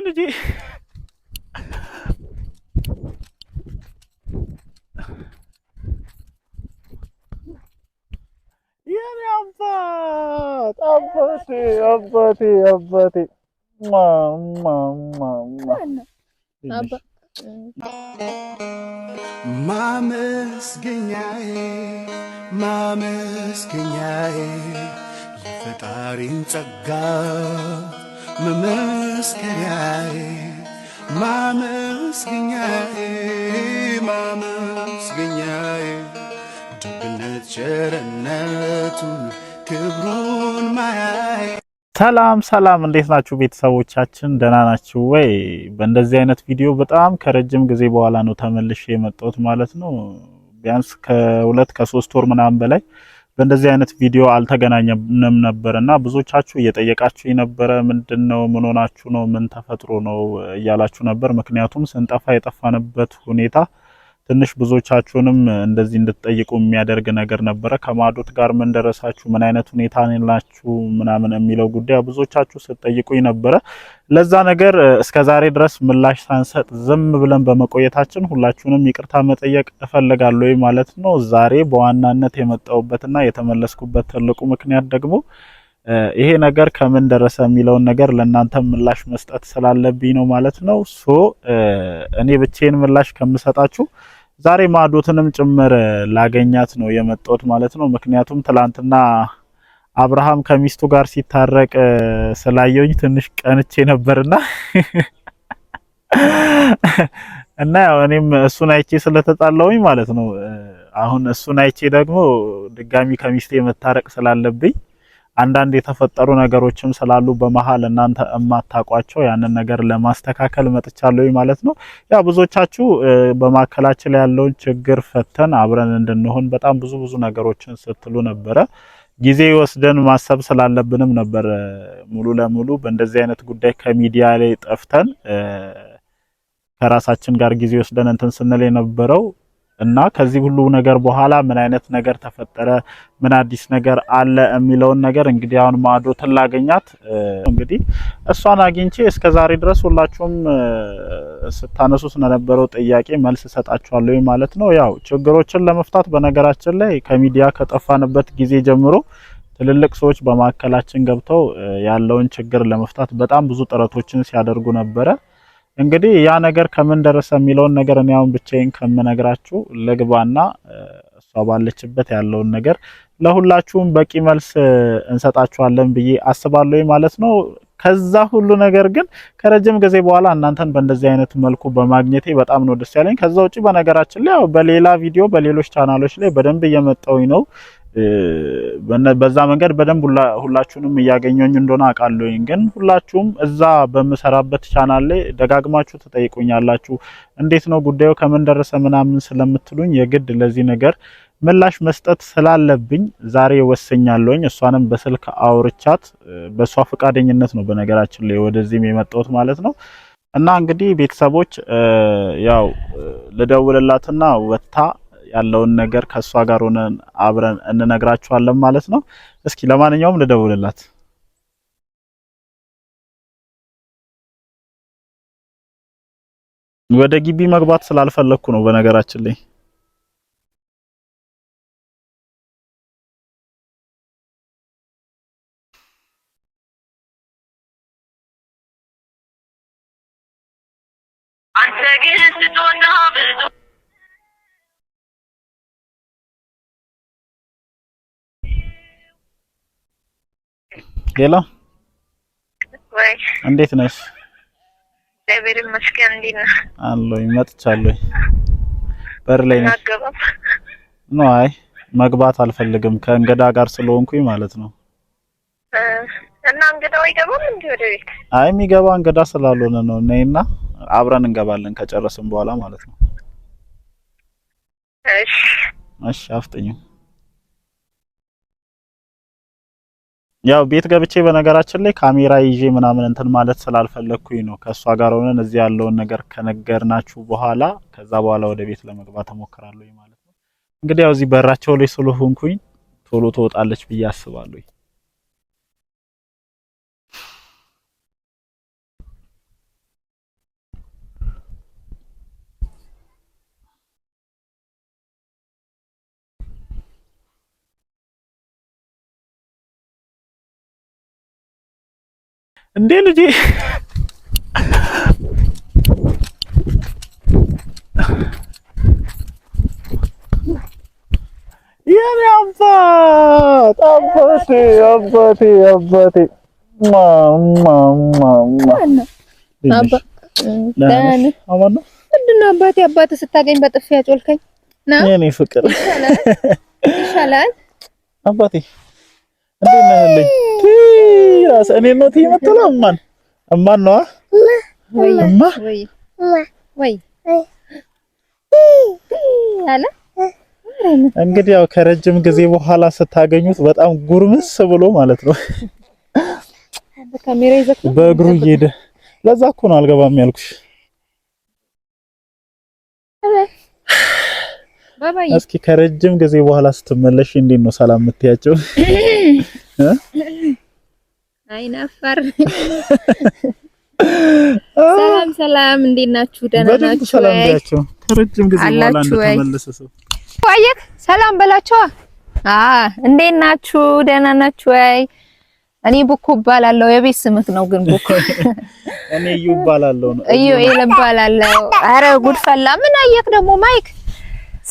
Ya ini abad, iya, abad sih, abad sih, abad sih. Mama, mama. መመስከሪያዬ ማመስገኛዬ ማመስገኛዬ ደግነት ቸርነቱን ክብሩን ማያይ ሰላም ሰላም፣ እንዴት ናችሁ ቤተሰቦቻችን? ደህና ናችሁ ወይ? በእንደዚህ አይነት ቪዲዮ በጣም ከረጅም ጊዜ በኋላ ነው ተመልሼ የመጣሁት ማለት ነው። ቢያንስ ከሁለት ከሶስት ወር ምናምን በላይ በእንደዚህ አይነት ቪዲዮ አልተገናኘንም ነበር እና ብዙዎቻችሁ እየጠየቃችሁ የነበረ ምንድን ነው ምን ሆናችሁ ነው ምን ተፈጥሮ ነው እያላችሁ ነበር። ምክንያቱም ስንጠፋ የጠፋንበት ሁኔታ ትንሽ ብዙዎቻችሁንም እንደዚህ እንድትጠይቁ የሚያደርግ ነገር ነበረ። ከማዶት ጋር ምን ደረሳችሁ፣ ምን አይነት ሁኔታ ናችሁ ምናምን የሚለው ጉዳይ ብዙዎቻችሁ ስትጠይቁኝ ነበረ። ለዛ ነገር እስከ ዛሬ ድረስ ምላሽ ሳንሰጥ ዝም ብለን በመቆየታችን ሁላችሁንም ይቅርታ መጠየቅ እፈልጋለሁ ማለት ነው። ዛሬ በዋናነት የመጣሁበትና የተመለስኩበት ትልቁ ምክንያት ደግሞ ይሄ ነገር ከምን ደረሰ የሚለውን ነገር ለእናንተ ምላሽ መስጠት ስላለብኝ ነው ማለት ነው። ሶ እኔ ብቼን ምላሽ ከምሰጣችሁ ዛሬ ማዶትንም ጭምር ላገኛት ነው የመጣሁት ማለት ነው። ምክንያቱም ትላንትና አብርሃም ከሚስቱ ጋር ሲታረቅ ስላየውኝ ትንሽ ቀንቼ ነበርና እና ያው እኔም እሱን አይቼ ስለተጣላውኝ ማለት ነው። አሁን እሱን አይቼ ደግሞ ድጋሚ ከሚስቴ መታረቅ ስላለብኝ አንዳንድ የተፈጠሩ ነገሮችም ስላሉ በመሀል እናንተ እማታቋቸው ያንን ነገር ለማስተካከል መጥቻለሁ ማለት ነው። ያ ብዙዎቻችሁ በማዕከላችን ያለውን ችግር ፈተን አብረን እንድንሆን በጣም ብዙ ብዙ ነገሮችን ስትሉ ነበረ። ጊዜ ወስደን ማሰብ ስላለብንም ነበር ሙሉ ለሙሉ በእንደዚህ አይነት ጉዳይ ከሚዲያ ላይ ጠፍተን ከራሳችን ጋር ጊዜ ወስደን እንትን ስንል የነበረው እና ከዚህ ሁሉ ነገር በኋላ ምን አይነት ነገር ተፈጠረ፣ ምን አዲስ ነገር አለ የሚለውን ነገር እንግዲህ አሁን ማዶ ላገኛት እንግዲህ እሷን አግኝቼ እስከ ዛሬ ድረስ ሁላችሁም ስታነሱ ስለነበረው ጥያቄ መልስ እሰጣችኋለሁ ማለት ነው። ያው ችግሮችን ለመፍታት በነገራችን ላይ ከሚዲያ ከጠፋንበት ጊዜ ጀምሮ ትልልቅ ሰዎች በማዕከላችን ገብተው ያለውን ችግር ለመፍታት በጣም ብዙ ጥረቶችን ሲያደርጉ ነበረ። እንግዲህ ያ ነገር ከምን ደረሰ የሚለውን ነገር እኔ አሁን ብቻዬን ከምነግራችሁ ልግባና እሷ ባለችበት ያለውን ነገር ለሁላችሁም በቂ መልስ እንሰጣችኋለን ብዬ አስባለሁ ማለት ነው። ከዛ ሁሉ ነገር ግን ከረጅም ጊዜ በኋላ እናንተን በእንደዚህ አይነት መልኩ በማግኘቴ በጣም ነው ደስ ያለኝ። ከዛ ውጪ በነገራችን ላይ ያው በሌላ ቪዲዮ በሌሎች ቻናሎች ላይ በደንብ እየመጣውኝ ነው። በዛ መንገድ በደንብ ሁላችሁንም እያገኘኝ እንደሆነ አውቃለሁኝ። ግን ሁላችሁም እዛ በምሰራበት ቻናል ላይ ደጋግማችሁ ትጠይቁኛላችሁ፣ እንዴት ነው ጉዳዩ፣ ከምን ደረሰ ምናምን ስለምትሉኝ የግድ ለዚህ ነገር ምላሽ መስጠት ስላለብኝ ዛሬ ወሰኛለሁኝ። እሷንም በስልክ አውርቻት በእሷ ፈቃደኝነት ነው በነገራችን ላይ ወደዚህም የመጣሁት ማለት ነው። እና እንግዲህ ቤተሰቦች ያው ልደውልላትና ወጥታ ያለውን ነገር ከእሷ ጋር ሆነን አብረን እንነግራችኋለን ማለት ነው። እስኪ ለማንኛውም ልደውልላት። ወደ ግቢ መግባት ስላልፈለግኩ ነው በነገራችን ላይ ጌላ ወይ እንዴት ነሽ? እግዚአብሔር ይመስገን። እንዴት ነሽ? አለሁኝ። መጥቻለሁኝ። በር ላይ ነሽ? ነው አይ መግባት አልፈልግም ከእንግዳ ጋር ስለሆንኩኝ ማለት ነው። እና እንግዳው አይገባም እንዴ ወደ ቤት? አይ የሚገባ እንግዳ ስላልሆነ ነው። ነይና አብረን እንገባለን ከጨረስን በኋላ ማለት ነው። እሺ እሺ፣ አፍጥኝም ያው ቤት ገብቼ በነገራችን ላይ ካሜራ ይዤ ምናምን እንትን ማለት ስላልፈለግኩኝ ነው። ከእሷ ጋር ሆነን እዚህ ያለውን ነገር ከነገርናችሁ በኋላ ከዛ በኋላ ወደ ቤት ለመግባት እሞክራለሁ ማለት ነው። እንግዲህ ያው እዚህ በራቸው ላይ ስለሆንኩኝ ቶሎ ትወጣለች ብዬ አስባለሁ። እንዴ ልጄ የኔ አባት አባቴ አባቴ አባቴ ምንድነው አባቴ አባቴ ስታገኝ በጥፊ ያጮልከኝ? የኔ ፍቅር ይሻላል አባቴ እንዴት እንግዲህ ያው ከረጅም ጊዜ በኋላ ስታገኙት በጣም ጉርምስ ብሎ ማለት ነው በእግሩ እየሄደ ለዛ እኮ ነው አልገባም ያልኩሽ። እስኪ ከረጅም ጊዜ በኋላ ስትመለሽ እንዴት ነው ሰላም የምትያቸው? አይናፋር ሰላም ሰላም፣ እንዴት ናችሁ? ደህና ናችሁ? ሰላም ከረጅም ጊዜ በኋላ ተመለሰ ሰው አየህ። ሰላም በላቸዋ። አዎ እንዴት ናችሁ? ደህና ናችሁ? አይ እኔ ቡኩ እባላለሁ። የቤት ስምህ ነው ግን ቡኩ። እኔ እዩ እባላለሁ ነው እዩ እባላለሁ። አረ ጉድ ፈላ። ምን አየክ ደግሞ ማይክ።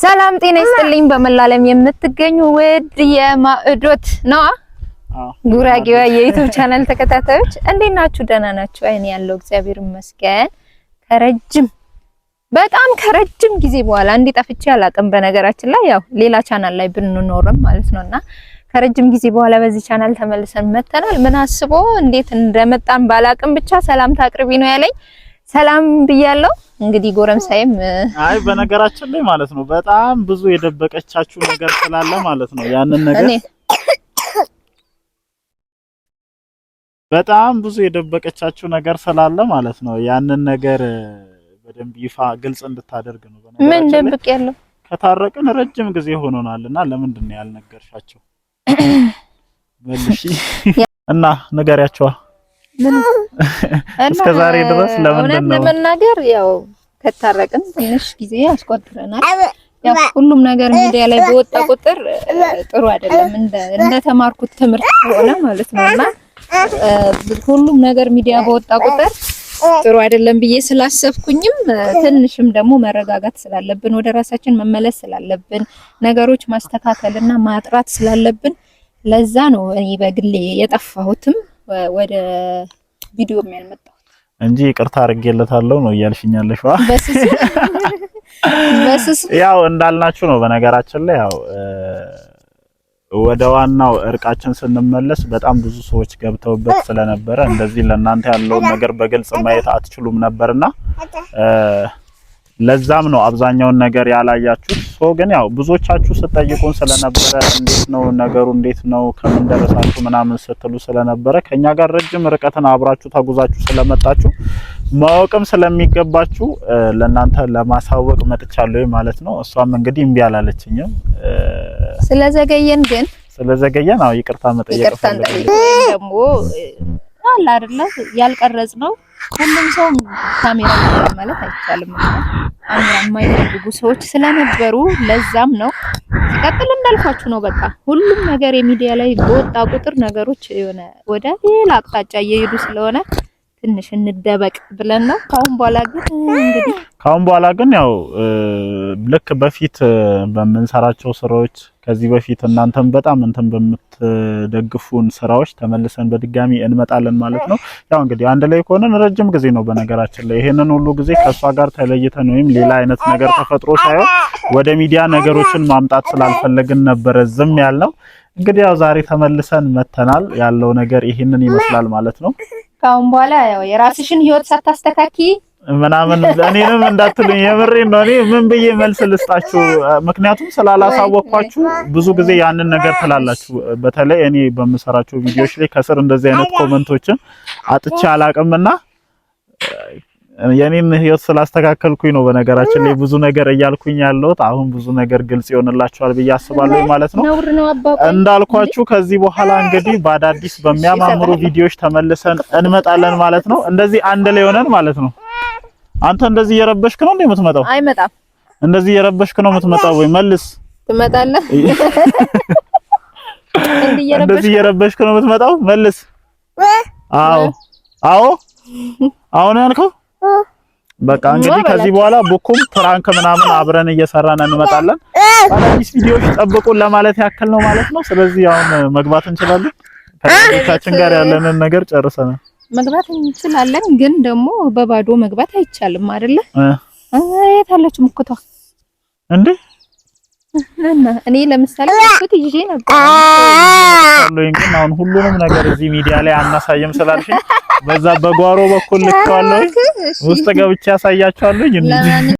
ሰላም ጤና ይስጥልኝ። በመላለም የምትገኙ ውድ የማዕዶት ነው ጉራጌዋ የዩቲዩብ ቻናል ተከታታዮች እንዴት ናችሁ? ደህና ናችሁ? አይኔ ያለው እግዚአብሔር ይመስገን። ከረጅም በጣም ከረጅም ጊዜ በኋላ እንዲህ ጠፍቼ አላቅም። በነገራችን ላይ ያው ሌላ ቻናል ላይ ብንኖርም ማለት ነውና ከረጅም ጊዜ በኋላ በዚህ ቻናል ተመልሰን መተናል። ምን አስቦ እንዴት እንደመጣን ባላቅም ብቻ ሰላምታ አቅርቢ ነው ያለኝ። ሰላም ብያለሁ። እንግዲህ ጎረምሳይም አይ በነገራችን ላይ ማለት ነው በጣም ብዙ የደበቀቻችሁ ነገር ስላለ ማለት ነው ያንን ነገር በጣም ብዙ የደበቀቻችሁ ነገር ስላለ ማለት ነው ያንን ነገር በደንብ ይፋ ግልጽ እንድታደርግ ነው። ምን ደብቅ ያለው? ከታረቅን ረጅም ጊዜ ሆኖናልና ለምንድን ነው ያልነገርሻቸው? መልሺ እና ንገሪያቸዋ። እስከ ዛሬ ድረስ ለምንድን ነው ለመናገር? ያው ከታረቅን ትንሽ ጊዜ አስቆጥረናል። ያው ሁሉም ነገር ሚዲያ ላይ በወጣ ቁጥር ጥሩ አይደለም። እንደ ተማርኩት ትምህርት ሆነ ማለት ነውና ሁሉም ነገር ሚዲያ በወጣ ቁጥር ጥሩ አይደለም ብዬ ስላሰብኩኝም ትንሽም ደግሞ መረጋጋት ስላለብን ወደ ራሳችን መመለስ ስላለብን ነገሮች ማስተካከልና ማጥራት ስላለብን ለዛ ነው እኔ በግሌ የጠፋሁትም ወደ ቪዲዮ ያልመጣሁት እንጂ ይቅርታ አድርጌለታለሁ ነው እያልሽኝ ያለሽው። በስሱ ያው እንዳልናችሁ ነው። በነገራችን ላይ ያው ወደ ዋናው እርቃችን ስንመለስ በጣም ብዙ ሰዎች ገብተውበት ስለነበረ እንደዚህ ለእናንተ ያለውን ነገር በግልጽ ማየት አትችሉም ነበርና ለዛም ነው አብዛኛውን ነገር ያላያችሁት። ሶ ግን ያው ብዙዎቻችሁ ስትጠይቁን ስለነበረ እንዴት ነው ነገሩ፣ እንዴት ነው ከምን ደረሳችሁ ምናምን ስትሉ ስለነበረ ከኛ ጋር ረጅም ርቀትን አብራችሁ ተጉዛችሁ ስለመጣችሁ ማወቅም ስለሚገባችሁ ለእናንተ ለማሳወቅ መጥቻለሁ ማለት ነው። እሷም እንግዲህ እምቢ አላለችኝም። ስለዘገየን ግን ስለዘገየን አዎ ይቅርታ መጠየቅ ይቅርታ ደግሞ አለ አይደለ ያልቀረጽ ነው። ሁሉም ሰው ካሜራ ማለት አይቻልም። አሁን የማይፈልጉ ሰዎች ስለነበሩ ለዛም ነው። ሲቀጥል እንዳልኳችሁ ነው። በቃ ሁሉም ነገር የሚዲያ ላይ በወጣ ቁጥር ነገሮች የሆነ ወደ ሌላ አቅጣጫ እየሄዱ ስለሆነ ትንሽ እንደበቅ ብለን ነው። ካሁን በኋላ ግን እንግዲህ ካሁን በኋላ ግን ያው ልክ በፊት በምንሰራቸው ስራዎች ከዚህ በፊት እናንተም በጣም እንትን በምትደግፉን ስራዎች ተመልሰን በድጋሚ እንመጣለን ማለት ነው። ያው እንግዲህ አንድ ላይ ከሆነን ረጅም ጊዜ ነው። በነገራችን ላይ ይሄንን ሁሉ ጊዜ ከእሷ ጋር ተለይተን ወይም ሌላ አይነት ነገር ተፈጥሮ ሳይሆን ወደ ሚዲያ ነገሮችን ማምጣት ስላልፈለግን ነበረ ዝም ያልነው። እንግዲህ ያው ዛሬ ተመልሰን መተናል። ያለው ነገር ይሄንን ይመስላል ማለት ነው። ከአሁን በኋላ ያው የራስሽን ህይወት ሳታስተካኪ ምናምን እኔንም እንዳትሉኝ የምሬ ነው። እኔ ምን ብዬ መልስ ልስጣችሁ? ምክንያቱም ስላላሳወቅኳችሁ ብዙ ጊዜ ያንን ነገር ትላላችሁ። በተለይ እኔ በምሰራቸው ቪዲዮዎች ላይ ከስር እንደዚህ አይነት ኮመንቶችን አጥቼ አላቅምና የኔን ህይወት ስላስተካከልኩኝ ነው። በነገራችን ላይ ብዙ ነገር እያልኩኝ ያለሁት አሁን ብዙ ነገር ግልጽ ይሆንላችኋል ብዬ አስባለሁ ማለት ነው። እንዳልኳችሁ ከዚህ በኋላ እንግዲህ በአዳዲስ በሚያማምሩ ቪዲዮዎች ተመልሰን እንመጣለን ማለት ነው። እንደዚህ አንድ ላይ ሆነን ማለት ነው። አንተ እንደዚህ እየረበሽክ ነው የምትመጣው? አይመጣም። እንደዚህ እየረበሽክ ነው የምትመጣው ወይ? መልስ ትመጣለህ። እንደዚህ እየረበሽክ ነው የምትመጣው? መልስ። አዎ፣ አዎ፣ አሁን ያልከው በቃ እንግዲህ ከዚህ በኋላ ቡኩም ፕራንክ ምናምን አብረን እየሰራን እንመጣለን። አዳዲስ ቪዲዮዎች ጠብቁን ለማለት ያክል ነው ማለት ነው። ስለዚህ አሁን መግባት እንችላለን። ከቻችን ጋር ያለንን ነገር ጨርሰናል። መግባት እንችላለን፣ ግን ደግሞ በባዶ መግባት አይቻልም አይደለ? የት አለች ሙክቷ እንዴ? እኔ ለምሳሌ ፎቶ ይዤ ነበር አሁን ሁሉንም ነገር እዚህ ሚዲያ ላይ አናሳየም ስላልሽ በዛ በጓሮ በኩል ልከዋለሁ። ውስጥ ገብቼ አሳያችኋለሁ።